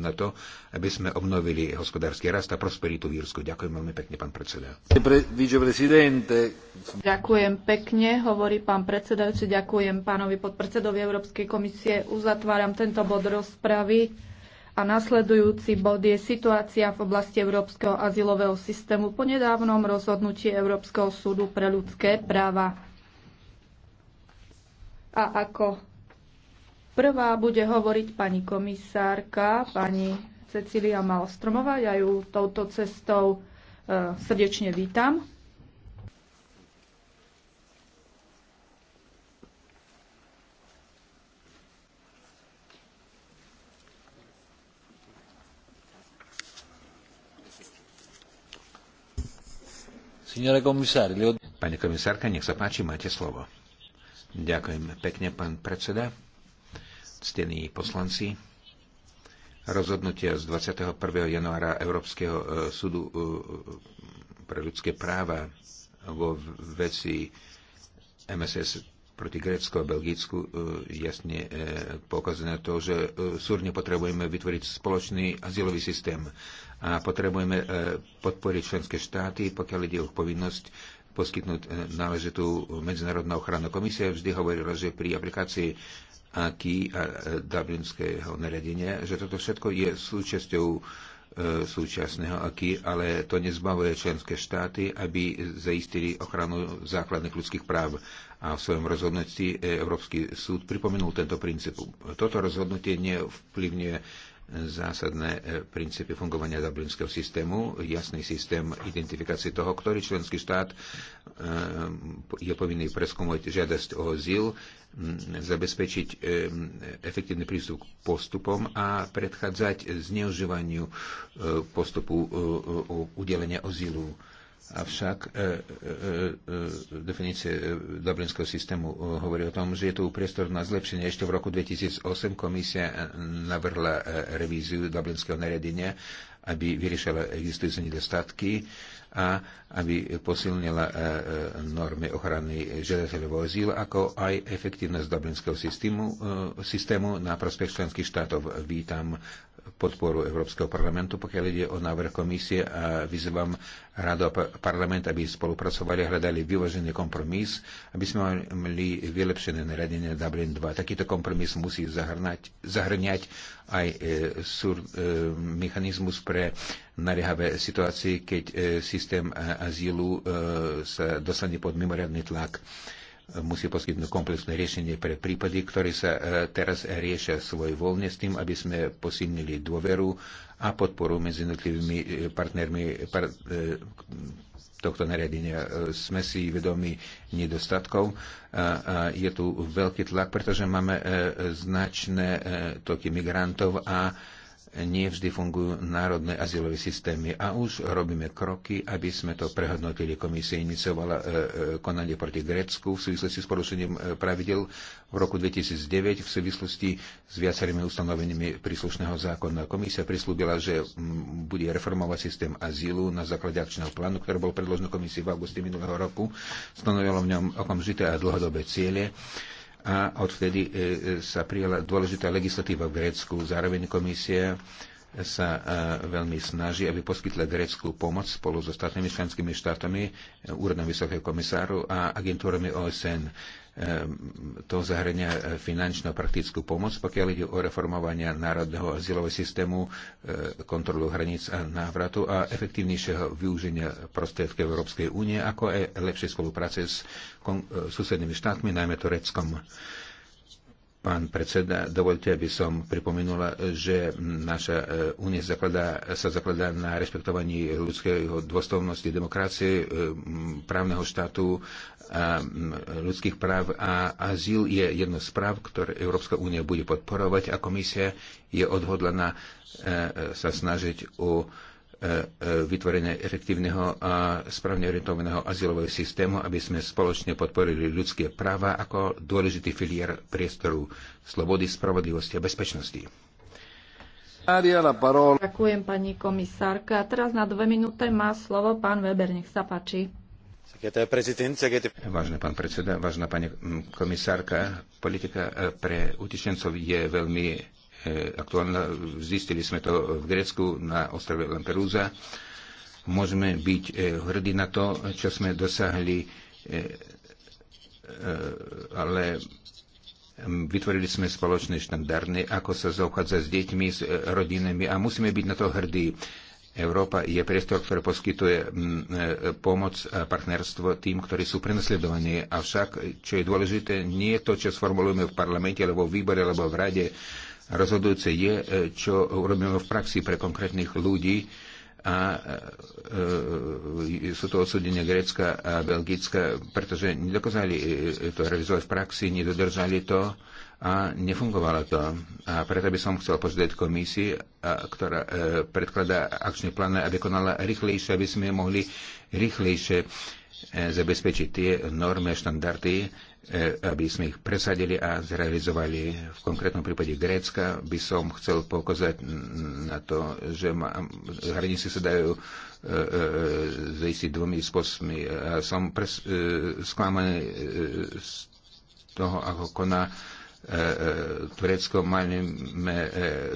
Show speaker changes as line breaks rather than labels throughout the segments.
na to, aby sme obnovili hospodársky rast a prosperitu v Írsku. Ďakujem veľmi pekne, pán predseda.
Ďakujem pekne, hovorí pán predsedajúci. Ďakujem pánovi podpredsedovi Európskej komisie. Uzatváram tento bod rozpravy. A nasledujúci bod je situácia v oblasti Európskeho azylového systému po nedávnom rozhodnutí Európskeho súdu pre ľudské práva. A ako Prvá bude hovoriť pani komisárka, pani Cecília Malstromová. Ja ju touto cestou e, srdečne vítam.
Pani komisárka, nech sa páči, máte slovo. Ďakujem pekne, pán predseda ctení poslanci, rozhodnutia z 21. januára Európskeho e, súdu e, pre ľudské práva vo veci MSS proti Grécku a Belgicku e, jasne pokazuje na to, že súrne potrebujeme vytvoriť spoločný azylový systém a potrebujeme podporiť členské štáty, pokiaľ ide o povinnosť poskytnúť e, náležitú medzinárodnú ochranu. Komisia vždy hovorila, že pri aplikácii aký a e, dublinského nariadenia, že toto všetko je súčasťou e, súčasného aký, ale to nezbavuje členské štáty, aby zaistili ochranu základných ľudských práv. A v svojom rozhodnutí Európsky súd pripomenul tento princíp. Toto rozhodnutie nevplyvňuje zásadné e, princípy fungovania dublinského systému, jasný systém identifikácie toho, ktorý členský štát e, je povinný preskúmať žiadosť o azyl, zabezpečiť e, efektívny prístup k postupom a predchádzať zneužívaniu postupu udelenia azylu Avšak e, e, e, definície Dublinského systému hovorí o tom, že je tu priestor na zlepšenie. Ešte v roku 2008 komisia navrhla revíziu Dublinského nariadenia, aby vyriešila existujúce nedostatky a aby posilnila normy ochrany žiadateľov vozil, ako aj efektívnosť dublinského systému, systému na prospech členských štátov. Vítam podporu Európskeho parlamentu, pokiaľ ide o návrh komisie a vyzývam radu a parlament, aby spolupracovali a hľadali vyvážený kompromis, aby sme mali vylepšené naradenie Dublin 2. Takýto kompromis musí zahrnať, zahrňať aj e, sur, e, mechanizmus pre naliehavé situácie, keď e, systém azylu e, sa dostane pod mimoriadný tlak. E, musí poskytnúť komplexné riešenie pre prípady, ktoré sa e, teraz riešia svoj voľne s tým, aby sme posilnili dôveru a podporu medzi jednotlivými e, partnermi par, e, tohto nariadenia. Sme si vedomi nedostatkov. Je tu veľký tlak, pretože máme značné toky migrantov a nevždy fungujú národné azylové systémy a už robíme kroky, aby sme to prehodnotili. Komisia iniciovala e, e, konanie proti Grécku v súvislosti s porušením e, pravidel v roku 2009 v súvislosti s viacerými ustanoveniami príslušného zákona. Komisia prislúbila, že bude reformovať systém azylu na základe akčného plánu, ktorý bol predložený komisii v auguste minulého roku. Stanovilo v ňom okamžité a dlhodobé ciele a odvtedy e, e, sa prijala dôležitá legislatíva v Grécku. Zároveň komisia sa e, veľmi snaží, aby poskytla grécku pomoc spolu s so ostatnými členskými štátmi, úradom vysokého komisáru a agentúrami OSN. Ehm, to zahrania e, finančnú praktickú pomoc, pokiaľ ide o reformovanie národného azylového systému, e, kontrolu hraníc a návratu a efektívnejšieho využenia prostriedkov Európskej únie, ako aj lepšej spolupráce s e, susednými štátmi, najmä Tureckom. Pán predseda, dovolte, aby som pripomenula, že naša e, únia sa zakladá na rešpektovaní ľudského dôstojnosti, demokracie, e, právneho štátu, a ľudských práv a azyl je jedno z práv, ktoré Európska únia bude podporovať a komisia je odhodlaná e, sa snažiť o E, e, vytvorenia efektívneho a správne orientovaného azylového systému, aby sme spoločne podporili ľudské práva ako dôležitý filier priestoru slobody, spravodlivosti a bezpečnosti. Ďakujem
pani komisárka. A Teraz na dve minúte má slovo pán Weber, nech sa páči.
Vážne pán predseda, vážna pani mm, komisárka, politika e, pre utečencov je veľmi E, aktuálna. Zistili sme to v Grécku na ostrove Lampedusa. Môžeme byť e, hrdí na to, čo sme dosahli, e, ale vytvorili sme spoločné štandardy, ako sa zaobchádza s deťmi, s rodinami a musíme byť na to hrdí. Európa je priestor, ktorý poskytuje pomoc a partnerstvo tým, ktorí sú prenasledovaní. Avšak, čo je dôležité, nie je to, čo sformulujeme v parlamente, alebo v výbore, alebo v rade, Rozhodujúce je, e, čo urobíme v praxi pre konkrétnych ľudí a e, e sú to odsúdenia Grécka a Belgická, pretože nedokázali e, to realizovať v praxi, nedodržali to a nefungovalo to. A preto by som chcel požiadať komisii, a, ktorá e, predkladá akčný plán, aby konala rýchlejšie, aby sme mohli rýchlejšie e, zabezpečiť tie normy a štandardy, E, aby sme ich presadili a zrealizovali. V konkrétnom prípade Grécka by som chcel pokazať na to, že hranice sa dajú e, e, zaistiť dvomi spôsobmi. A som pres, sklamaný z toho, ako koná Turecko. Máme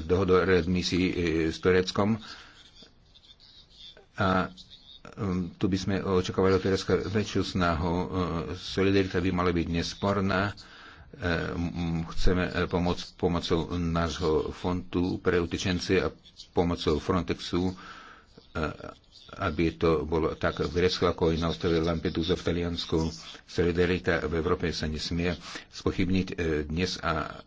dohodu o readmisii s Tureckom. A Ehm, tu by sme očakávali od Turecka väčšiu snahu. Ehm, solidarita by mala byť nesporná. Ehm, chceme eh, pomôcť pomocou nášho fondu pre utečencie a pomocou Frontexu aby to bolo tak v Grécku, ako aj na ostrove Lampedusa v Taliansku. Solidarita v Európe sa nesmie spochybniť e, dnes a,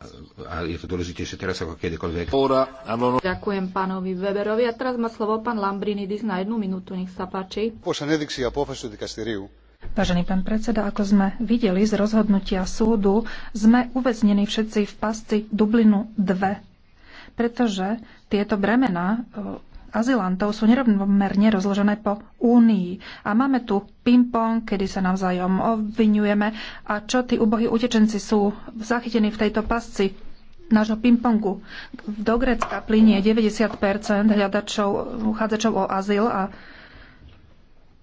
a je to dôležitejšie teraz ako kedykoľvek. No.
Ďakujem pánovi Weberovi a teraz má slovo pán Lambrinidis na jednu minútu, nech sa páči.
Vážený pán predseda, ako sme videli z rozhodnutia súdu, sme uväznení všetci v pasci Dublinu 2, pretože tieto bremena azylantov sú nerovnomerne rozložené po Únii. A máme tu ping-pong, kedy sa navzájom obvinujeme. A čo tí ubohí utečenci sú zachytení v tejto pasci nášho ping-pongu? Do Grécka plinie 90 hľadačov, uchádzačov o azyl a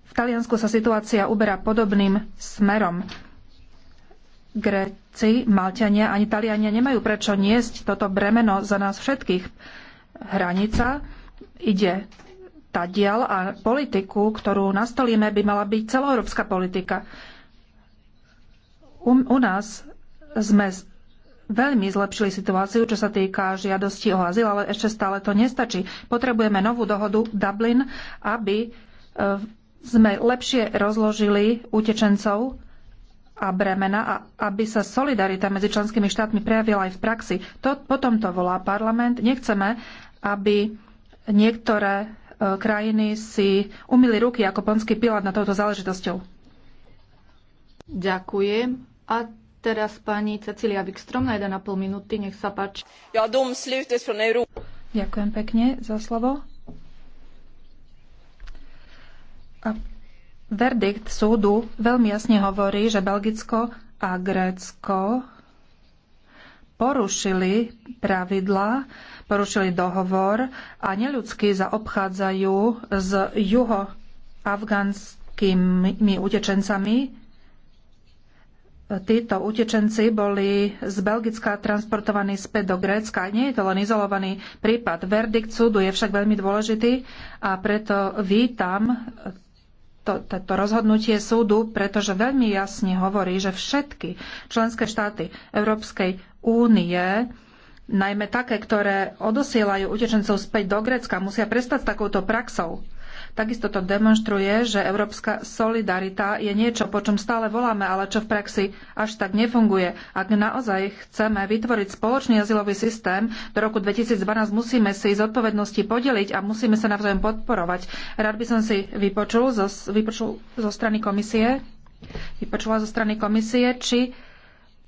v Taliansku sa situácia uberá podobným smerom. Gréci, Malťania ani Taliania nemajú prečo niesť toto bremeno za nás všetkých. Hranica ide diel a politiku, ktorú nastolíme, by mala byť celoeurópska politika. U, u nás sme veľmi zlepšili situáciu, čo sa týka žiadosti o azyl, ale ešte stále to nestačí. Potrebujeme novú dohodu Dublin, aby e, sme lepšie rozložili utečencov a bremena a aby sa solidarita medzi členskými štátmi prejavila aj v praxi. To, potom to volá parlament. Nechceme, aby niektoré e, krajiny si umýli ruky ako ponský pilát na touto záležitosťou.
Ďakujem. A teraz pani Cecilia
Wikstrom na 1,5 minúty, nech sa páči. Ja dom slutet från Europa. Ďakujem pekne za slovo. A verdikt súdu veľmi jasne hovorí, že Belgicko a Grécko porušili pravidla, porušili dohovor a neľudsky zaobchádzajú s juhoafgánskymi utečencami. Títo utečenci boli z Belgická transportovaní späť do Grécka. Nie je to len izolovaný prípad. Verdikt súdu je však veľmi dôležitý a preto vítam to, toto rozhodnutie súdu, pretože veľmi jasne hovorí, že všetky členské štáty Európskej únie najmä také, ktoré odosielajú utečencov späť do Grécka, musia prestať s takouto praxou. Takisto to demonstruje, že európska solidarita je niečo, po čom stále voláme, ale čo v praxi až tak nefunguje. Ak naozaj chceme vytvoriť spoločný azylový systém do roku 2012, musíme si zodpovednosti podeliť a musíme sa navzájom podporovať. Rád by som si vypočul zo, vypočul zo strany komisie, vypočula zo strany komisie, či e,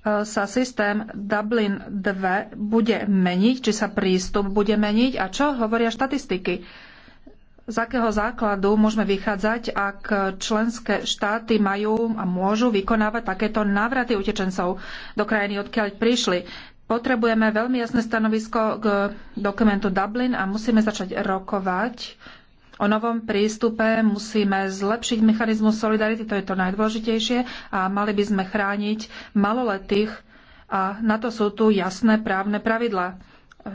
sa systém Dublin 2 bude meniť, či sa prístup bude meniť a čo hovoria štatistiky z akého základu môžeme vychádzať, ak členské štáty majú a môžu vykonávať takéto návraty utečencov do krajiny, odkiaľ prišli. Potrebujeme veľmi jasné stanovisko k dokumentu Dublin a musíme začať rokovať o novom prístupe. Musíme zlepšiť mechanizmus solidarity, to je to najdôležitejšie, a mali by sme chrániť maloletých a na to sú tu jasné právne pravidlá.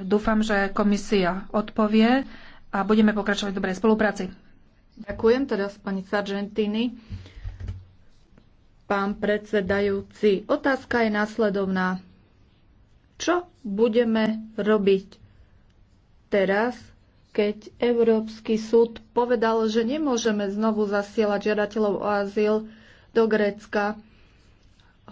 Dúfam, že komisia odpovie a budeme pokračovať v dobrej spolupráci. Ďakujem teraz pani Sargentini.
Pán predsedajúci, otázka je následovná. Čo budeme robiť teraz, keď Európsky súd povedal, že nemôžeme znovu zasielať žiadateľov o azyl do Grécka,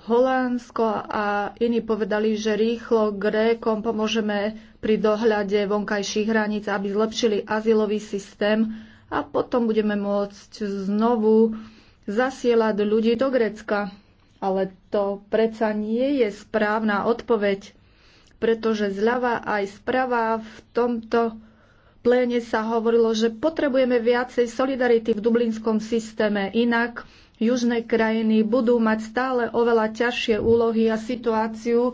Holandsko a iní povedali, že rýchlo Grékom pomôžeme pri dohľade vonkajších hraníc, aby zlepšili azylový systém a potom budeme môcť znovu zasielať ľudí do Grécka. Ale to predsa nie je správna odpoveď, pretože zľava aj sprava v tomto pléne sa hovorilo, že potrebujeme viacej solidarity v dublinskom systéme, inak južné krajiny budú mať stále oveľa ťažšie úlohy a situáciu e,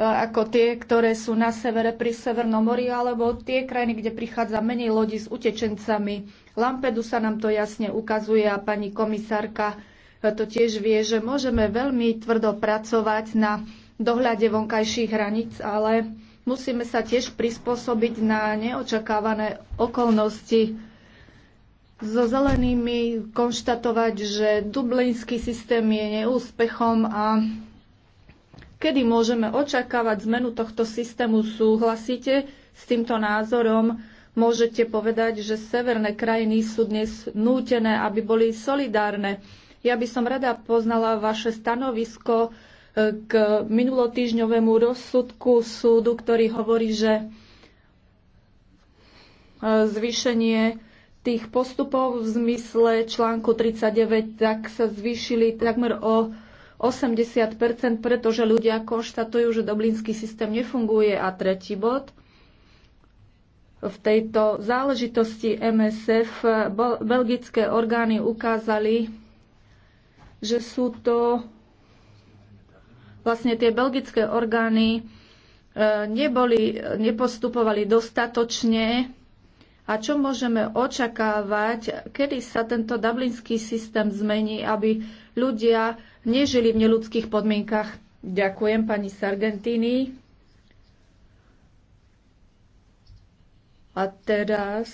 ako tie, ktoré sú na severe pri Severnom mori, alebo tie krajiny, kde prichádza menej lodi s utečencami. Lampedu sa nám to jasne ukazuje a pani komisárka e, to tiež vie, že môžeme veľmi tvrdo pracovať na dohľade vonkajších hraníc, ale musíme sa tiež prispôsobiť na neočakávané okolnosti so zelenými konštatovať, že dublinský systém je neúspechom a kedy môžeme očakávať zmenu tohto systému? Súhlasíte s týmto názorom? Môžete povedať, že severné krajiny sú dnes nútené, aby boli solidárne. Ja by som rada poznala vaše stanovisko e, k minulotýžňovému rozsudku súdu, ktorý hovorí, že e, zvýšenie tých postupov v zmysle článku 39 tak sa zvýšili takmer o 80 pretože ľudia konštatujú, že doblínsky systém nefunguje. A tretí bod. V tejto záležitosti MSF belgické orgány ukázali, že sú to vlastne tie belgické orgány e, neboli, nepostupovali dostatočne a čo môžeme očakávať, kedy sa tento dublinský systém zmení, aby ľudia nežili v neludských podmienkach. Ďakujem pani Sargentini. A teraz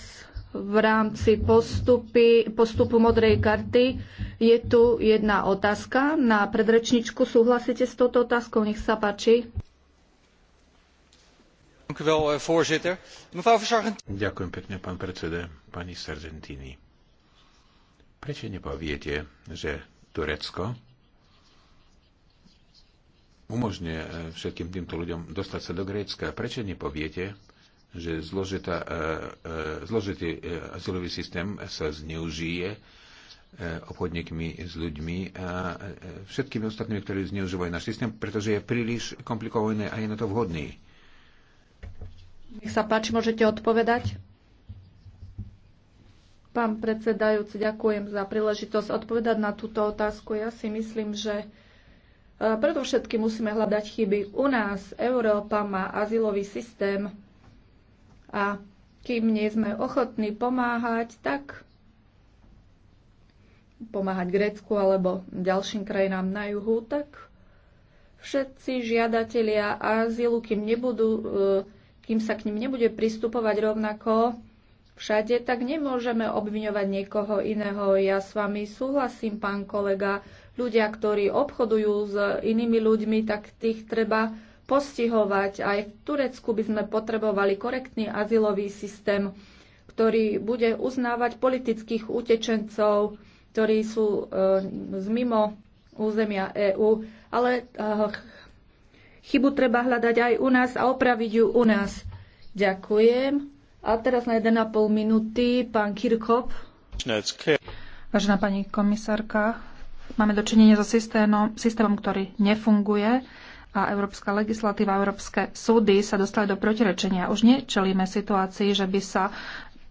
v rámci postupy, postupu modrej karty je tu jedna otázka na predrečničku. Súhlasíte s touto otázkou? Nech sa páči.
Eh, Ďakujem pekne, pán predseda, pani Sargentini. Prečo nepoviete, že Turecko umožňuje eh, všetkým týmto ľuďom dostať sa do Grécka? Prečo nepoviete, že zložitá, eh, zložitý azylový systém sa zneužije obchodníkmi s ľuďmi a všetkými ostatnými, ktorí zneužívajú náš systém, pretože je príliš komplikovaný a je na to vhodný
nech sa páči, môžete odpovedať. Pán predsedajúci, ďakujem za príležitosť odpovedať na túto otázku. Ja si myslím, že e, predovšetkým musíme hľadať chyby. U nás Európa má azylový systém a kým nie sme ochotní pomáhať, tak pomáhať Grécku alebo ďalším krajinám na juhu, tak všetci žiadatelia azylu, kým nebudú e, kým sa k ním nebude pristupovať rovnako všade, tak nemôžeme obviňovať niekoho iného. Ja s vami súhlasím, pán kolega. Ľudia, ktorí obchodujú s inými ľuďmi, tak tých treba postihovať. Aj v Turecku by sme potrebovali korektný azylový systém, ktorý bude uznávať politických utečencov, ktorí sú e, z mimo územia EÚ, ale e, Chybu treba hľadať aj u nás a opraviť ju u nás. Ďakujem. A teraz na 1,5
minúty pán Kirkop. Vážená pani komisárka, máme dočinenie so systémom, systémom, ktorý nefunguje a európska legislatíva, európske súdy sa dostali do protirečenia. Už nečelíme situácii, že by sa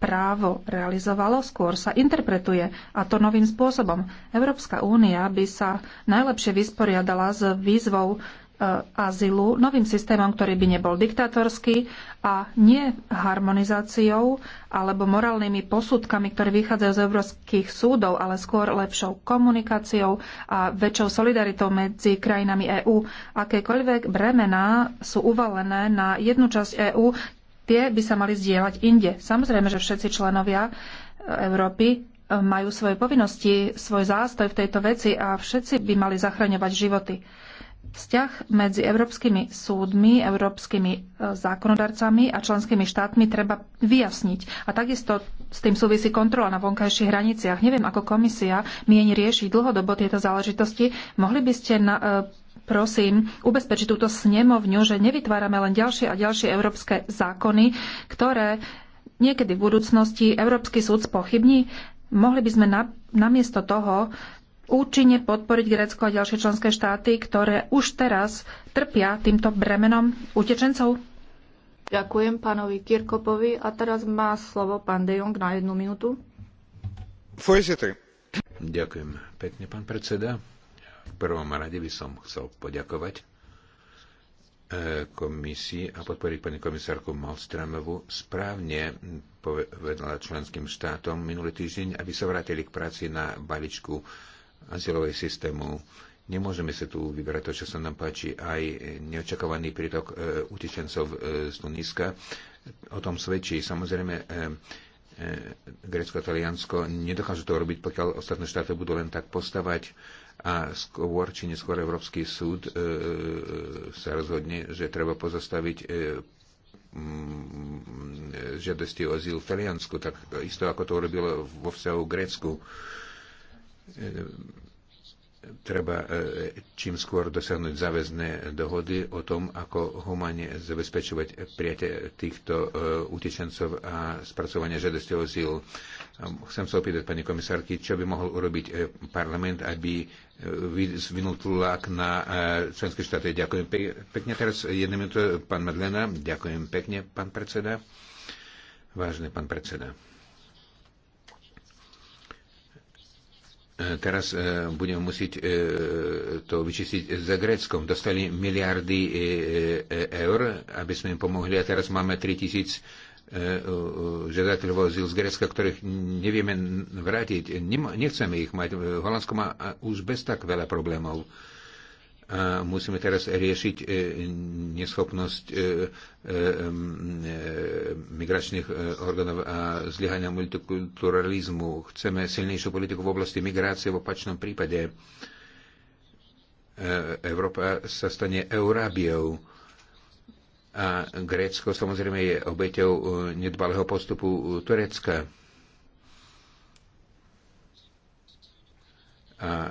právo realizovalo, skôr sa interpretuje, a to novým spôsobom. Európska únia by sa najlepšie vysporiadala s výzvou Eh, azylu novým systémom, ktorý by nebol diktatorský a nie harmonizáciou alebo morálnymi posudkami, ktoré vychádzajú z európskych súdov, ale skôr lepšou komunikáciou a väčšou solidaritou medzi krajinami EÚ. Akékoľvek bremená sú uvalené na jednu časť EÚ, tie by sa mali zdieľať inde. Samozrejme, že všetci členovia Európy eh, majú svoje povinnosti, svoj zástoj v tejto veci a všetci by mali zachraňovať životy. Vzťah medzi európskymi súdmi, európskymi e, zákonodarcami a členskými štátmi treba vyjasniť. A takisto s tým súvisí kontrola na vonkajších hraniciach. Neviem, ako komisia mieni riešiť dlhodobo tieto záležitosti. Mohli by ste na, e, prosím, ubezpečiť túto snemovňu, že nevytvárame len ďalšie a ďalšie európske zákony, ktoré niekedy v budúcnosti Európsky súd spochybní. Mohli by sme na, namiesto toho účinne podporiť Grécko a ďalšie členské štáty, ktoré už teraz trpia týmto bremenom utečencov?
Ďakujem pánovi Kirkopovi a teraz má slovo pán De Jong na jednu minútu.
Ďakujem pekne, pán predseda. V prvom rade by som chcel poďakovať e, komisii a podporiť pani komisárku Malstramovu správne povedala členským štátom minulý týždeň, aby sa vrátili k práci na Baličku azylového systému. Nemôžeme si tu vyberať to, čo sa nám páči, aj neočakávaný prítok e, utečencov e, z Tuniska. O tom svedčí. Samozrejme, e, e, Grécko Taliansko nedokážu to robiť, pokiaľ ostatné štáty budú len tak postavať a skôr či neskôr Európsky súd e, e, sa rozhodne, že treba pozastaviť e, žiadosti o azyl v Taliansku, tak isto ako to urobilo vo vzťahu Grécku. E, treba e, čím skôr dosiahnuť záväzné dohody o tom, ako humane zabezpečovať prijatie týchto e, utečencov a spracovanie žiadosti o zíl. Chcem sa opýtať pani komisárky, čo by mohol urobiť e, parlament, aby vyvinul tlak na členské štáty. Ďakujem pekne. Teraz jedna minúta, pán Madlena. Ďakujem pekne, pán predseda. Vážne pán predseda. teraz e, budeme musieť e, to vyčistiť za Gréckom. Dostali miliardy e, eur, aby sme im pomohli a teraz máme 3000 žiadateľov azyl z Grécka, ktorých nevieme vrátiť. Nechceme ich mať. Holandsko má už bez tak veľa problémov a musíme teraz riešiť e, neschopnosť e, e, migračných orgánov a zlyhania multikulturalizmu. Chceme silnejšiu politiku v oblasti migrácie. V opačnom prípade Európa sa stane Eurábiou a Grécko samozrejme je obeťou nedbalého postupu Turecka a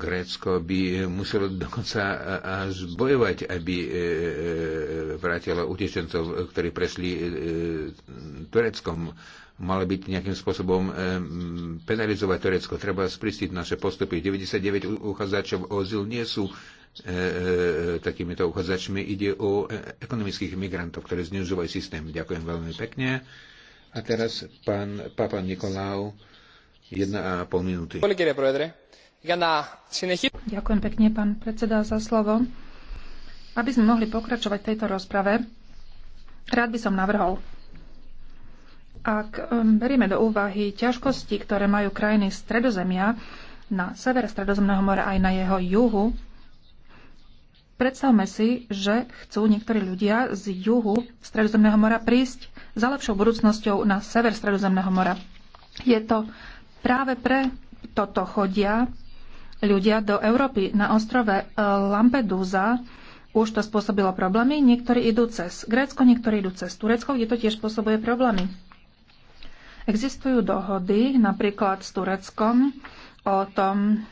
Grécko by muselo dokonca až bojovať, aby e, e, vrátilo utečencov, ktorí prešli e, Tureckom. Malo byť nejakým spôsobom penalizovať Turecko. Treba spristiť naše postupy. 99 uchádzačov o zil nie sú takýmito uchádzačmi. Ide o ekonomických migrantov, ktorí zneužívajú systém. Ďakujem veľmi pekne. A teraz pán Papa Nikolau
Ďakujem pekne, pán predseda, za slovo. Aby sme mohli pokračovať v tejto rozprave, rád by som navrhol. Ak um, berieme do úvahy ťažkosti, ktoré majú krajiny Stredozemia, na sever Stredozemného mora aj na jeho juhu, predstavme si, že chcú niektorí ľudia z juhu Stredozemného mora prísť za lepšou budúcnosťou na sever Stredozemného mora. Je to Práve pre toto chodia ľudia do Európy. Na ostrove e, Lampedusa už to spôsobilo problémy. Niektorí idú cez Grécko, niektorí idú cez Turecko, kde to tiež spôsobuje problémy. Existujú dohody napríklad s Tureckom, o tom,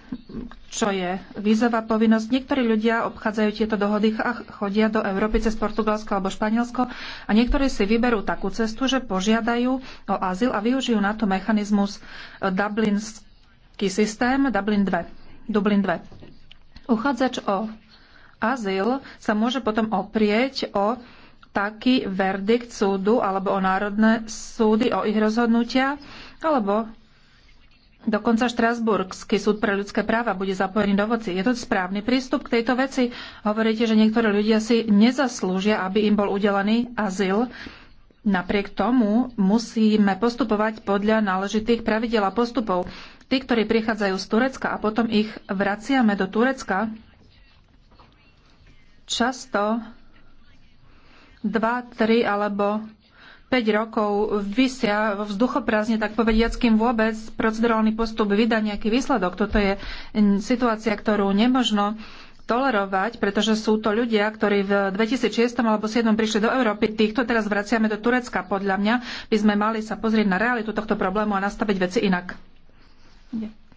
čo je vízová povinnosť. Niektorí ľudia obchádzajú tieto dohody a chodia do Európy cez Portugalsko alebo Španielsko a niektorí si vyberú takú cestu, že požiadajú o azyl a využijú na to mechanizmus Dublinský systém Dublin 2. Dublin 2. Uchádzač o azyl sa môže potom oprieť o taký verdikt súdu alebo o národné súdy, o ich rozhodnutia alebo Dokonca Štrasburský súd pre ľudské práva bude zapojený do voci. Je to správny prístup k tejto veci? Hovoríte, že niektorí ľudia si nezaslúžia, aby im bol udelený azyl. Napriek tomu musíme postupovať podľa náležitých pravidel a postupov. Tí, ktorí prichádzajú z Turecka a potom ich vraciame do Turecka, často 2, 3 alebo rokov vysia vo vzduchoprázdne, tak povediac, kým vôbec procedurálny postup vydá nejaký výsledok. Toto je situácia, ktorú nemožno tolerovať, pretože sú to ľudia, ktorí v 2006 alebo 2007 prišli do Európy, týchto teraz vraciame do Turecka. Podľa mňa by sme mali sa pozrieť na realitu tohto problému a nastaviť veci inak.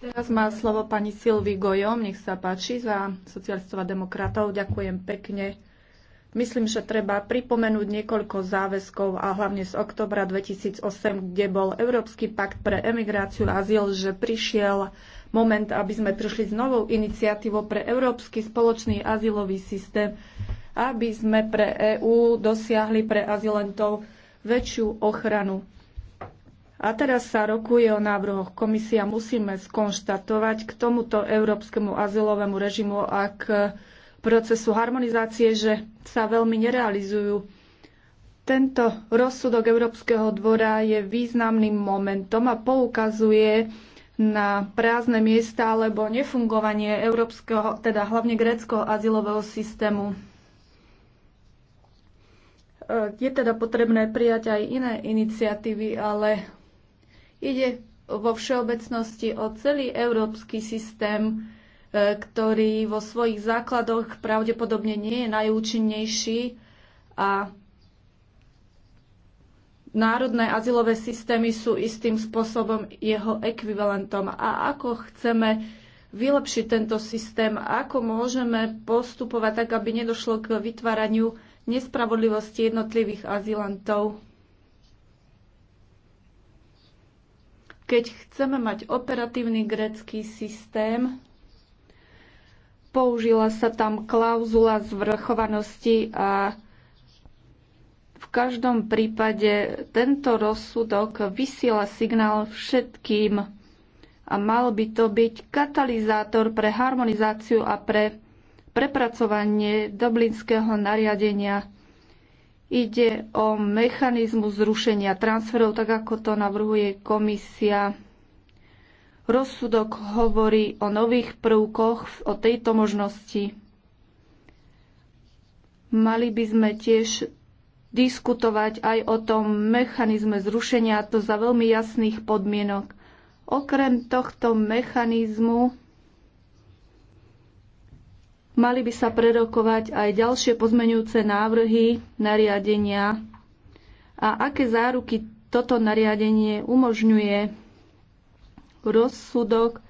Teraz má slovo pani Silvi Gojom, nech sa páči, za socialistov a demokratov. Ďakujem pekne. Myslím, že treba pripomenúť niekoľko záväzkov a hlavne z oktobra 2008, kde bol Európsky pakt pre emigráciu a azyl, že prišiel moment, aby sme prišli s novou iniciatívou pre Európsky spoločný azylový systém, aby sme pre EÚ dosiahli pre azylentov väčšiu ochranu. A teraz sa rokuje o návrhoch komisia. Musíme skonštatovať k tomuto európskemu azylovému režimu, ak procesu harmonizácie, že sa veľmi nerealizujú. Tento rozsudok Európskeho dvora je významným momentom a poukazuje na prázdne miesta alebo nefungovanie európskeho, teda hlavne gréckého azylového systému. E, je teda potrebné prijať aj iné iniciatívy, ale ide vo všeobecnosti o celý európsky systém E, ktorý vo svojich základoch pravdepodobne nie je najúčinnejší a národné azylové systémy sú istým spôsobom jeho ekvivalentom. A ako chceme vylepšiť tento systém, ako môžeme postupovať tak, aby nedošlo k vytváraniu nespravodlivosti jednotlivých azylantov. Keď chceme mať operatívny grécky systém, použila sa tam klauzula zvrchovanosti a v každom prípade tento rozsudok vysiela signál všetkým a mal by to byť katalizátor pre harmonizáciu a pre prepracovanie doblinského nariadenia. Ide o mechanizmus zrušenia transferov, tak ako to navrhuje komisia. Rozsudok hovorí o nových prvkoch, o tejto možnosti. Mali by sme tiež diskutovať aj o tom mechanizme zrušenia, to za veľmi jasných podmienok. Okrem tohto mechanizmu mali by sa prerokovať aj ďalšie pozmenujúce návrhy nariadenia a aké záruky toto nariadenie umožňuje rozsudok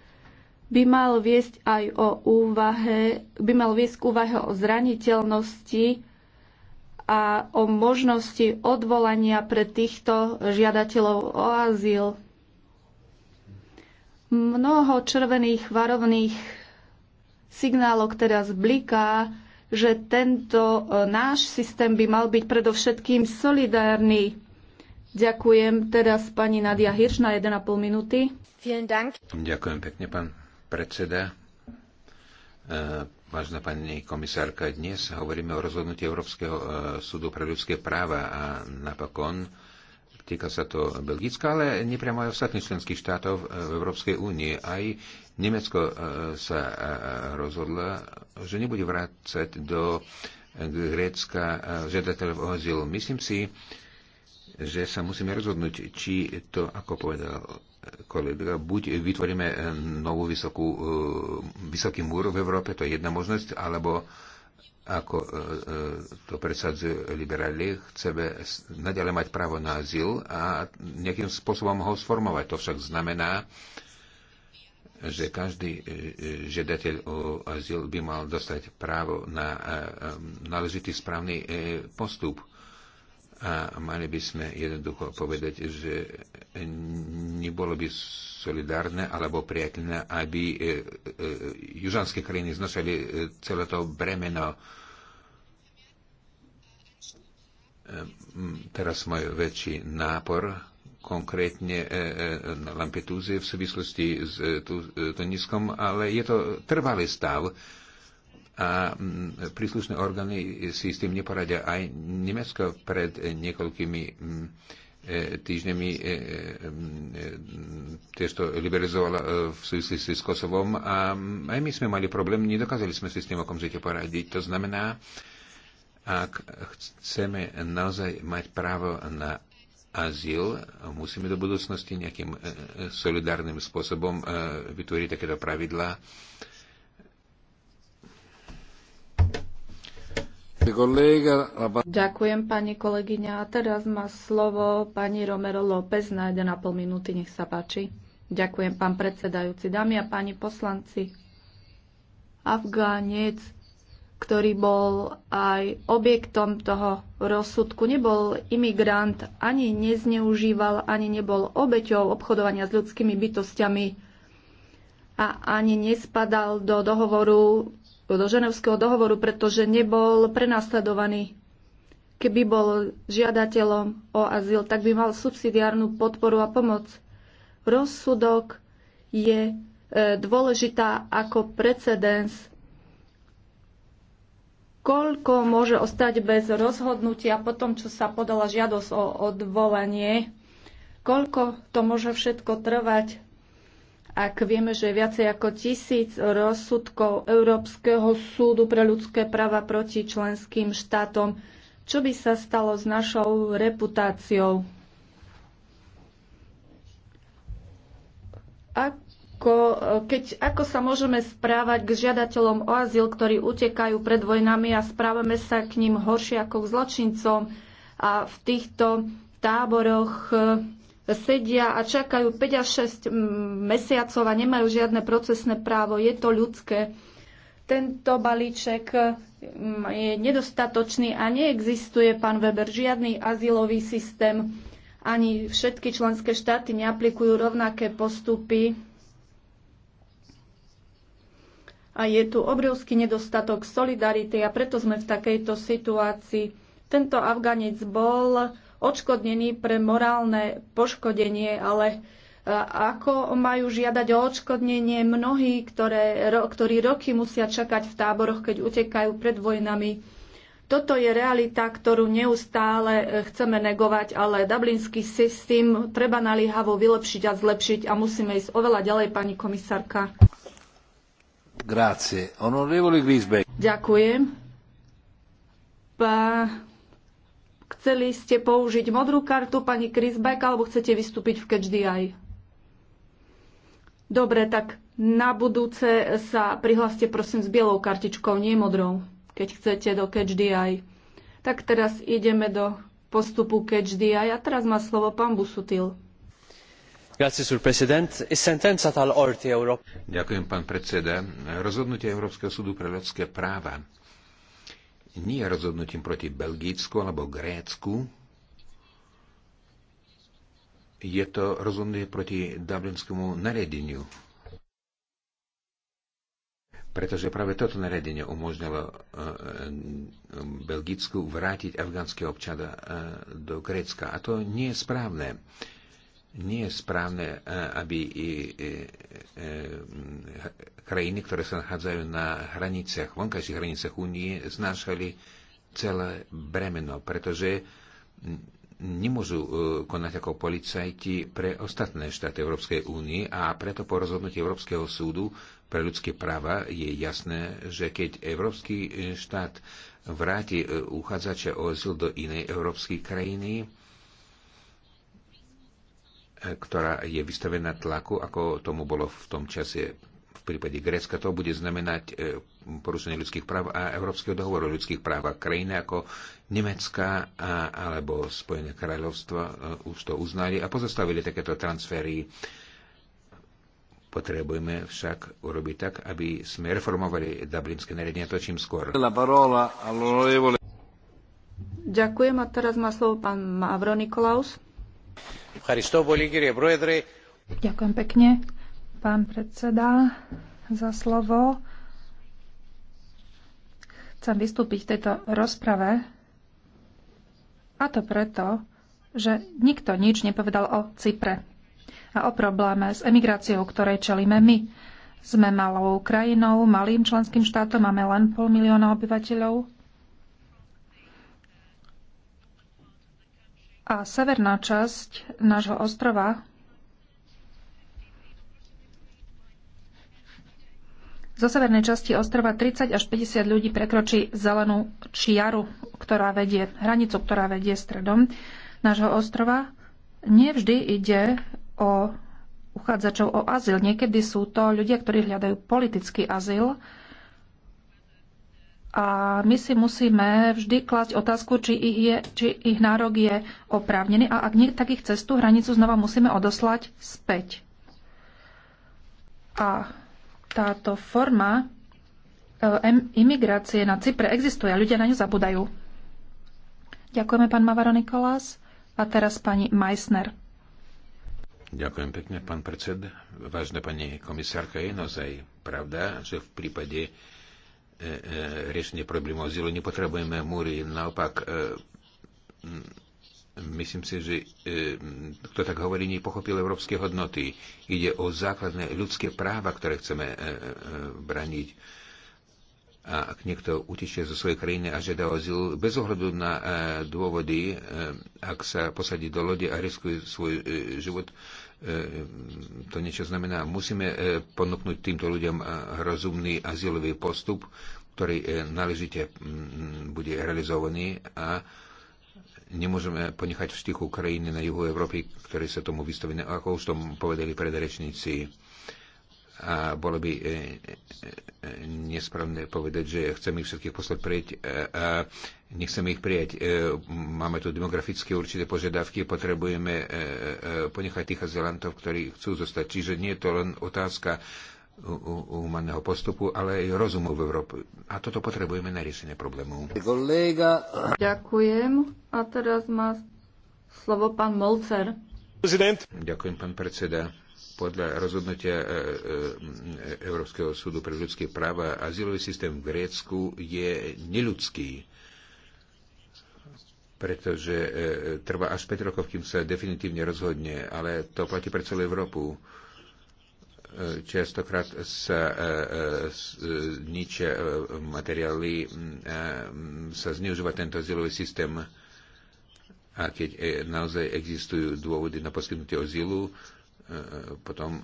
by mal viesť aj o úvahe, by mal viesť k úvahe o zraniteľnosti a o možnosti odvolania pre týchto žiadateľov o azyl. Mnoho červených varovných signálov teraz bliká, že tento e, náš systém by mal byť predovšetkým solidárny. Ďakujem teraz pani Nadia Hirš na 1,5 minúty. Ďakujem
pekne, pán predseda. E, vážna pani komisárka, dnes hovoríme o rozhodnutí Európskeho e, súdu pre ľudské práva a napokon týka sa to Belgicka, ale nepriamo aj ostatných členských štátov e, v Európskej únie. Aj Nemecko sa rozhodlo, že nebude vrácať do Grécka žiadateľov o azyl. Myslím si, že sa musíme rozhodnúť, či to, ako povedal kolega, buď vytvoríme eh, novú vysokú, eh, vysoký múr v Európe, to je jedna možnosť, alebo eh, ako to presadzujú liberáli, chceme nadalej mať právo na azyl a nejakým spôsobom ho sformovať. To však znamená, že každý žiadateľ o azyl by mal dostať právo na náležitý správny postup a mali by sme jednoducho povedať, že nebolo by solidárne alebo priateľné, aby e, e, e, južanské krajiny znašali celé to bremeno. Teraz majú väčší nápor, konkrétne na Lampetúzie v súvislosti s Tuniskom, ale je to trvalý stav a príslušné orgány si s tým neporadia. Aj Nemecko pred niekoľkými e, týždňami e, e, tiež to liberalizovalo v súvislosti s Kosovom a aj my sme mali problém, nedokázali sme si s tým okamžite poradiť. To znamená, ak chceme naozaj mať právo na azyl, musíme do budúcnosti nejakým solidárnym spôsobom vytvoriť takéto pravidlá,
Ďakujem pani kolegyňa. A teraz má slovo pani Romero López na 1,5 minúty. Nech sa páči. Ďakujem pán predsedajúci. Dámy a páni poslanci, Afgánec, ktorý bol aj objektom toho rozsudku, nebol imigrant, ani nezneužíval, ani nebol obeťou obchodovania s ľudskými bytostiami a ani nespadal do dohovoru do ženevského dohovoru, pretože nebol prenasledovaný. Keby bol žiadateľom o azyl, tak by mal subsidiárnu podporu a pomoc. Rozsudok je e, dôležitá ako precedens. Koľko môže ostať bez rozhodnutia po tom, čo sa podala žiadosť o odvolanie? Koľko to môže všetko trvať? ak vieme, že viacej ako tisíc rozsudkov Európskeho súdu pre ľudské práva proti členským štátom, čo by sa stalo s našou reputáciou? Ako, keď, ako sa môžeme správať k žiadateľom o azyl, ktorí utekajú pred vojnami a správame sa k ním horšie ako k zločincom? A v týchto táboroch sedia a čakajú 5 až 6 mm, mesiacov a nemajú žiadne procesné právo. Je to ľudské. Tento balíček mm, je nedostatočný a neexistuje, pán Weber, žiadny azylový systém. Ani všetky členské štáty neaplikujú rovnaké postupy. A je tu obrovský nedostatok solidarity a preto sme v takejto situácii. Tento Afganec bol odškodnení pre morálne poškodenie, ale e, ako majú žiadať o odškodnenie mnohí, ktoré, ktorí roky musia čakať v táboroch, keď utekajú pred vojnami. Toto je realita, ktorú neustále e, chceme negovať, ale dublinský systém treba naliehavo vylepšiť a zlepšiť a musíme ísť oveľa ďalej, pani komisárka.
Grazie.
Ďakujem. Pa... Chceli ste použiť modrú kartu pani Krisbeck alebo chcete vystúpiť v Catch the Eye? Dobre, tak na budúce sa prihláste prosím s bielou kartičkou, nie modrou, keď chcete do Catch the Eye. Tak teraz ideme do postupu Catch the Eye a teraz má slovo pán Busutil.
E Ďakujem, pán predseda. Rozhodnutie Európskeho súdu pre ľudské práva nie rozhodnutím proti Belgicku alebo Grécku. Je to rozhodnutie proti Dublinskému nariadeniu. Pretože práve toto nariadenie umožnilo eh, eh, Belgicku vrátiť afgánskeho občana eh, do Grécka. A to nie je správne nie je správne, e, aby i e, e, krajiny, ktoré sa nachádzajú na hraniciach, vonkajších hraniciach únie, znášali celé bremeno, pretože nemôžu konať ako policajti pre ostatné štáty Európskej únie a preto po rozhodnutí Európskeho súdu pre ľudské práva je jasné, že keď Európsky štát vráti uchádzača o azyl do inej európskej krajiny, E, ktorá je vystavená tlaku, ako tomu bolo v tom čase v prípade Grécka. To bude znamenať e, porušenie ľudských práv a Európskeho dohovoru o ľudských právach. Krajiny ako Nemecka a, alebo Spojené kráľovstvo e, už to uznali a pozastavili takéto transfery. Potrebujeme však urobiť tak, aby sme reformovali Dublinské nariadenia. to čím skôr.
Ďakujem a teraz má slovo pán Mavro Nikolaus.
Ďakujem pekne, pán predseda, za slovo. Chcem vystúpiť v tejto rozprave a to preto, že nikto nič nepovedal o Cypre a o probléme s emigráciou, ktorej čelíme my. Sme malou krajinou, malým členským štátom, máme len pol milióna obyvateľov a severná časť nášho ostrova Zo severnej časti ostrova 30 až 50 ľudí prekročí zelenú čiaru, ktorá vedie, hranicu, ktorá vedie stredom nášho ostrova. Nevždy ide o uchádzačov o azyl. Niekedy sú to ľudia, ktorí hľadajú politický azyl a my si musíme vždy klásť otázku, či ich, je, či ich nárok je oprávnený a ak nie, tak ich cez tú hranicu znova musíme odoslať späť. A táto forma e, imigrácie na Cypre existuje a ľudia na ňu zabudajú. Ďakujeme, pán Mavaro Nikolás. A teraz pani Meissner.
Ďakujem pekne, pán predsed. Vážne pani komisárka, je naozaj pravda, že v prípade E, e, riešenie problémov azylu. Nepotrebujeme múry, naopak e, myslím si, že kto tak hovorí, nepochopil európske hodnoty. Ide o základné ľudské práva, ktoré chceme braniť. A ak niekto utečie zo svojej krajiny a žiada azyl, bez ohľadu na dôvody, ak sa posadí do lode a riskuje svoj život, E, to niečo znamená. Musíme e, ponúknuť týmto ľuďom e, rozumný azylový postup, ktorý náležite bude realizovaný a nemôžeme ponechať v štichu krajiny na juhu Európy, ktoré sa tomu vystavené, ako už tomu povedali predrečníci a bolo by e, e, e, nesprávne povedať, že chceme ich všetkých poslať prieť a nechceme ich prieť. Máme tu demografické určité požiadavky, potrebujeme ponechať tých azylantov, ktorí chcú zostať. Čiže nie je to len otázka humanného postupu, ale aj rozumu v Európe. A toto potrebujeme na riešenie problémov.
Ďakujem. A teraz má slovo pán Molcer.
Prezident. Ďakujem, pán predseda podľa rozhodnutia e, e, e, Európskeho súdu pre ľudské práva azylový systém v Grécku je neľudský, pretože trvá až 5 rokov, kým sa definitívne rozhodne, ale to platí pre celú Európu. Častokrát sa ničia materiály, sa zneužíva tento azylový systém a keď naozaj existujú dôvody na poskytnutie azylu, E, potom e,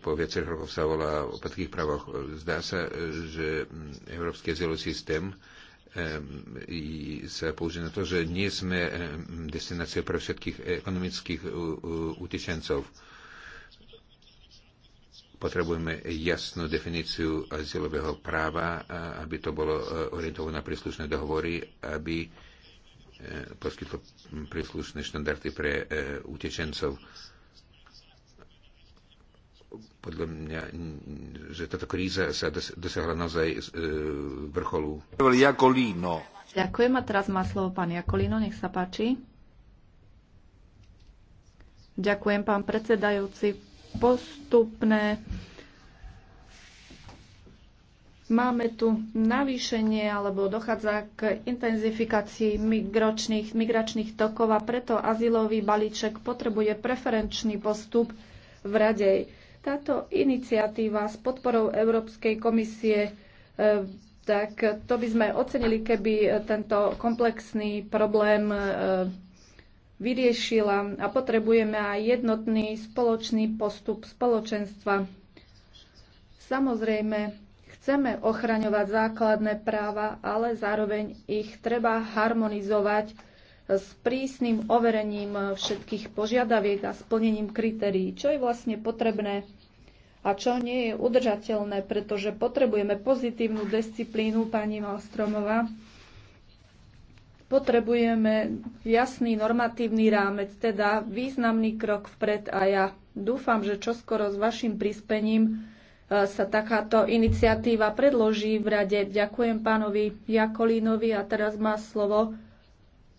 po viacerých rokoch sa volá o patkých právoch. Zdá sa, že európsky azylový systém e, sa použije na to, že nie sme destináciou pre všetkých ekonomických utečencov. Potrebujeme jasnú definíciu azylového práva, aby to bolo orientované na príslušné dohovory, aby poskytlo príslušné štandardy pre utečencov podľa mňa, že táto kríza sa dosiahla naozaj e, vrcholu. Jakolino.
Ďakujem a teraz má slovo pán Jakolino, nech sa páči. Ďakujem, pán predsedajúci. Postupné Máme tu navýšenie alebo dochádza k intenzifikácii migračných, migračných tokov a preto azylový balíček potrebuje preferenčný postup v radej. Táto iniciatíva s podporou Európskej komisie e, tak to by sme ocenili, keby tento komplexný problém e, vyriešila a potrebujeme aj jednotný spoločný postup spoločenstva. Samozrejme, chceme ochraňovať základné práva, ale zároveň ich treba harmonizovať s prísnym overením všetkých požiadaviek a splnením kritérií, čo je vlastne potrebné a čo nie je udržateľné, pretože potrebujeme pozitívnu disciplínu pani Malstromová. Potrebujeme jasný normatívny rámec, teda významný krok vpred a ja dúfam, že čoskoro s vašim prispením e, sa takáto iniciatíva predloží v rade. Ďakujem pánovi Jakolínovi a teraz má slovo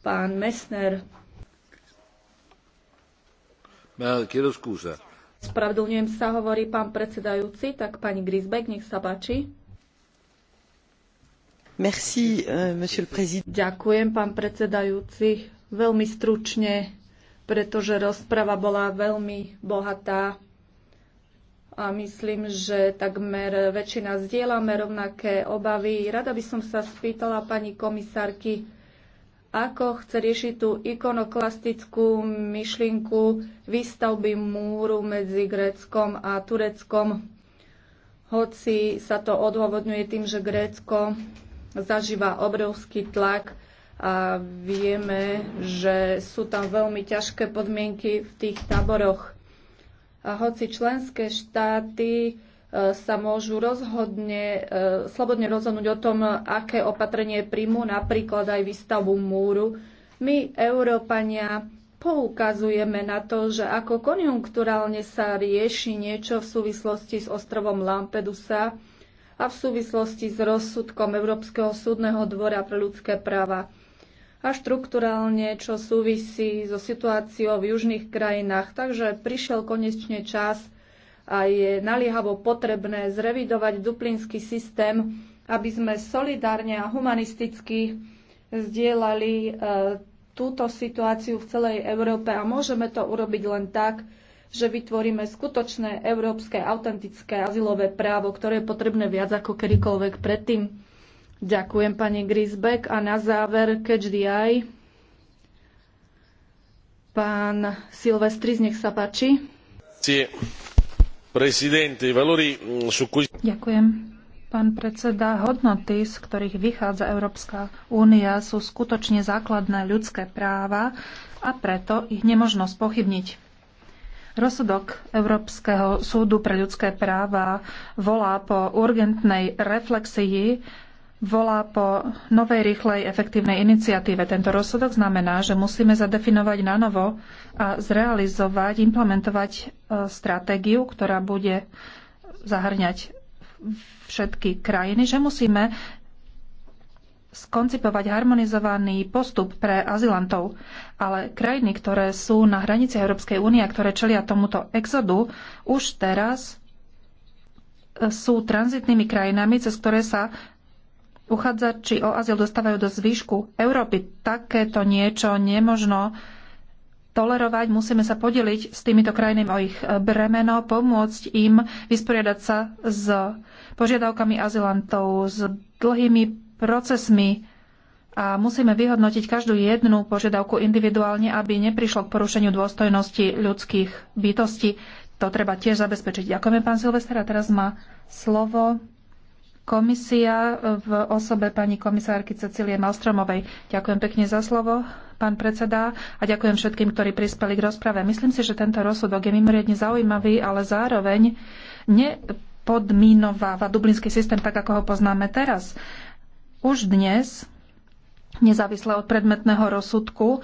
Pán Messner. Spravedlňujem sa, hovorí pán predsedajúci, tak pani Grisbeck, nech sa páči. Merci, euh, monsieur le président. Ďakujem, pán predsedajúci. Veľmi stručne, pretože rozprava bola veľmi bohatá a myslím, že takmer väčšina zdieľame rovnaké obavy. Rada by som sa spýtala pani komisárky, ako chce riešiť tú ikonoklastickú myšlienku výstavby múru medzi Gréckom a Tureckom, hoci sa to odôvodňuje tým, že Grécko zažíva obrovský tlak a vieme, že sú tam veľmi ťažké podmienky v tých táboroch. A hoci členské štáty E, sa môžu rozhodne, e, slobodne rozhodnúť o tom, aké opatrenie príjmu, napríklad aj výstavu múru. My, Európania, poukazujeme na to, že ako konjunkturálne sa rieši niečo v súvislosti s ostrovom Lampedusa a v súvislosti s rozsudkom Európskeho súdneho dvora pre ľudské práva a štruktúrálne, čo súvisí so situáciou v južných krajinách. Takže prišiel konečne čas, a je naliehavo potrebné zrevidovať duplínsky systém, aby sme solidárne a humanisticky zdieľali e, túto situáciu v celej Európe a môžeme to urobiť len tak, že vytvoríme skutočné európske autentické azylové právo, ktoré je potrebné viac ako kedykoľvek predtým. Ďakujem pani Grisbeck a na záver eye. pán Silvestris, nech sa páči.
Sí. Mm, Ďakujem. Pán predseda, hodnoty, z ktorých vychádza Európska únia, sú skutočne základné ľudské práva a preto ich nemožno spochybniť. Rozsudok Európskeho súdu pre ľudské práva volá po urgentnej reflexii volá po novej, rýchlej, efektívnej iniciatíve. Tento rozsudok znamená, že musíme zadefinovať na novo a zrealizovať, implementovať e, stratégiu, ktorá bude zahrňať všetky krajiny, že musíme skoncipovať harmonizovaný postup pre azylantov. Ale krajiny, ktoré sú na hranici Európskej únie a ktoré čelia tomuto exodu, už teraz e, sú tranzitnými krajinami, cez ktoré sa uchádzači o azyl dostávajú do zvyšku Európy. Takéto niečo nemožno tolerovať, musíme sa podeliť s týmito krajinami o ich bremeno, pomôcť im vysporiadať sa s požiadavkami azylantov, s dlhými procesmi a musíme vyhodnotiť každú jednu požiadavku individuálne, aby neprišlo k porušeniu dôstojnosti ľudských bytostí. To treba tiež zabezpečiť. Ďakujeme, pán Silvester. A teraz má slovo Komisia e, v osobe pani komisárky Cecilie Malstromovej. Ďakujem pekne za slovo, pán predseda, a ďakujem všetkým, ktorí prispeli k rozprave. Myslím si, že tento rozsudok je mimoriadne zaujímavý, ale zároveň nepodmínováva dublinský systém tak, ako ho poznáme teraz. Už dnes, nezávisle od predmetného rozsudku,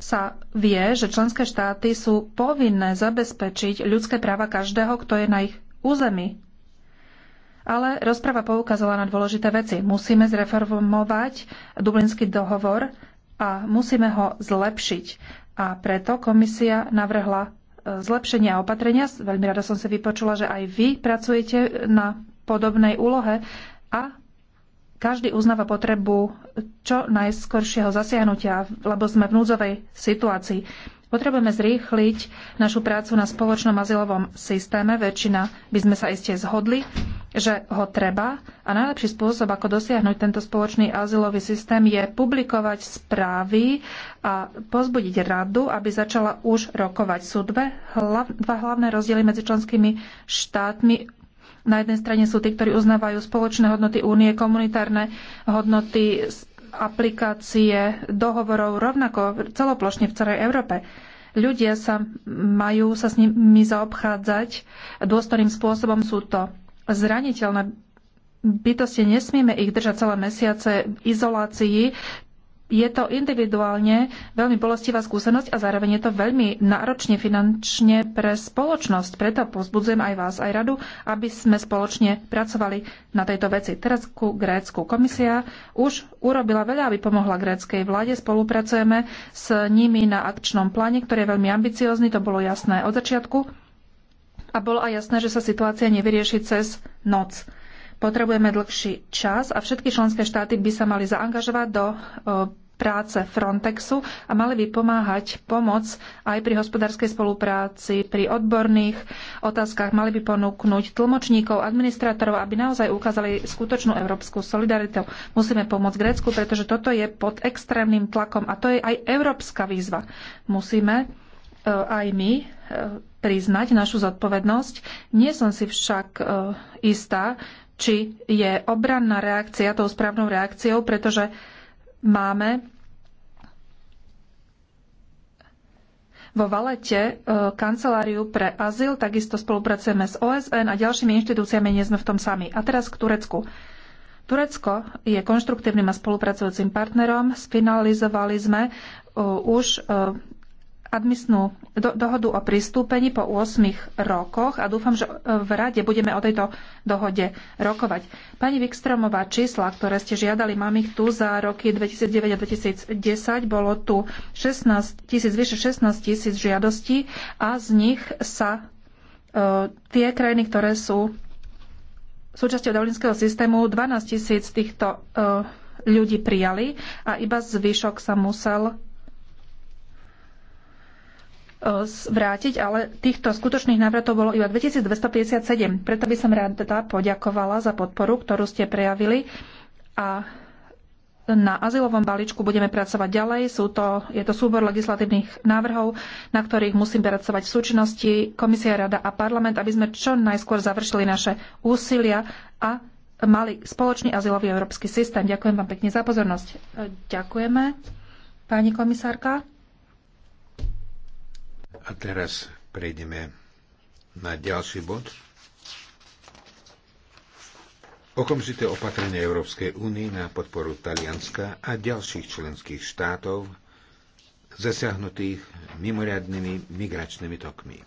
sa vie, že členské štáty sú povinné zabezpečiť ľudské práva každého, kto je na ich území. Ale rozprava poukázala na dôležité veci. Musíme zreformovať Dublinský dohovor a musíme ho zlepšiť. A preto komisia navrhla e, zlepšenia a opatrenia. Veľmi rada som si vypočula, že aj vy pracujete na podobnej úlohe a každý uznáva potrebu čo najskoršieho zasiahnutia, lebo sme v núdzovej situácii. Potrebujeme zrýchliť našu prácu na spoločnom azylovom systéme. Väčšina by sme sa iste zhodli, že ho treba. A najlepší spôsob, ako dosiahnuť tento spoločný azylový systém, je publikovať správy a pozbudiť radu, aby začala už rokovať. Sú dve, hlav, dva hlavné rozdiely medzi členskými štátmi. Na jednej strane sú tí, ktorí uznávajú spoločné hodnoty únie, komunitárne hodnoty aplikácie dohovorov rovnako celoplošne v celej Európe. Ľudia sa majú sa s nimi zaobchádzať dôstojným spôsobom. Sú to zraniteľné bytosti, nesmieme ich držať celé mesiace v izolácii je to individuálne veľmi bolestivá skúsenosť a zároveň je to veľmi náročne finančne pre spoločnosť. Preto pozbudzujem aj vás, aj radu, aby sme spoločne pracovali na tejto veci. Teraz ku Grécku. Komisia už urobila veľa, aby pomohla gréckej vláde. Spolupracujeme s nimi na akčnom pláne, ktorý je veľmi ambiciózny, to bolo jasné od začiatku. A bolo aj jasné, že sa situácia nevyrieši cez noc. Potrebujeme dlhší čas a všetky členské štáty by sa mali zaangažovať do e, práce Frontexu a mali by pomáhať pomoc aj pri hospodárskej spolupráci, pri odborných otázkach, mali by ponúknuť tlmočníkov, administrátorov, aby naozaj ukázali skutočnú európsku solidaritu. Musíme pomôcť Grécku, pretože toto je pod extrémnym tlakom a to je aj európska výzva. Musíme e, aj my e, priznať našu zodpovednosť. Nie som si však istá, či je obranná reakcia tou správnou reakciou, pretože máme vo Valete e, kanceláriu pre azyl, takisto spolupracujeme s OSN a ďalšími inštitúciami, nie sme v tom sami. A teraz k Turecku. Turecko je konštruktívnym a spolupracujúcim partnerom. Sfinalizovali sme e, už e, admisnú do, dohodu o pristúpení po 8 rokoch a dúfam, že e, v rade budeme o tejto dohode rokovať. Pani Vikstromová, čísla, ktoré ste žiadali, mám ich tu za roky 2009 a 2010. Bolo tu 16 tisíc, vyše 16 tisíc žiadostí a z nich sa e, tie krajiny, ktoré sú súčasťou dublinského systému, 12 tisíc týchto e, ľudí prijali a iba zvyšok sa musel E, vrátiť, ale týchto skutočných návratov bolo iba 2257. Preto by som rada poďakovala za podporu, ktorú ste prejavili a na azylovom balíčku budeme pracovať ďalej. Sú to, je to súbor legislatívnych návrhov, na ktorých musím pracovať v súčinnosti Komisia, Rada a Parlament, aby sme čo najskôr završili naše úsilia a mali spoločný azylový európsky systém. Ďakujem vám pekne za pozornosť. E, ďakujeme, pani komisárka.
A teraz prejdeme na ďalší bod. Okomžité opatrenia Európskej únie na podporu Talianska a ďalších členských štátov zasiahnutých mimoriadnými migračnými tokmi.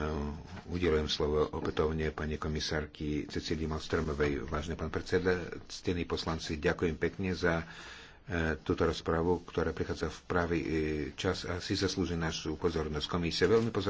Ehm, udelujem slovo opätovne pani komisárky Cecilii Malstromovej. Vážne pán predseda, ctení poslanci, ďakujem pekne za E, túto rozpravu, ktorá prichádza v pravý e, čas a si zaslúži našu pozornosť. Komisia veľmi pozornosť.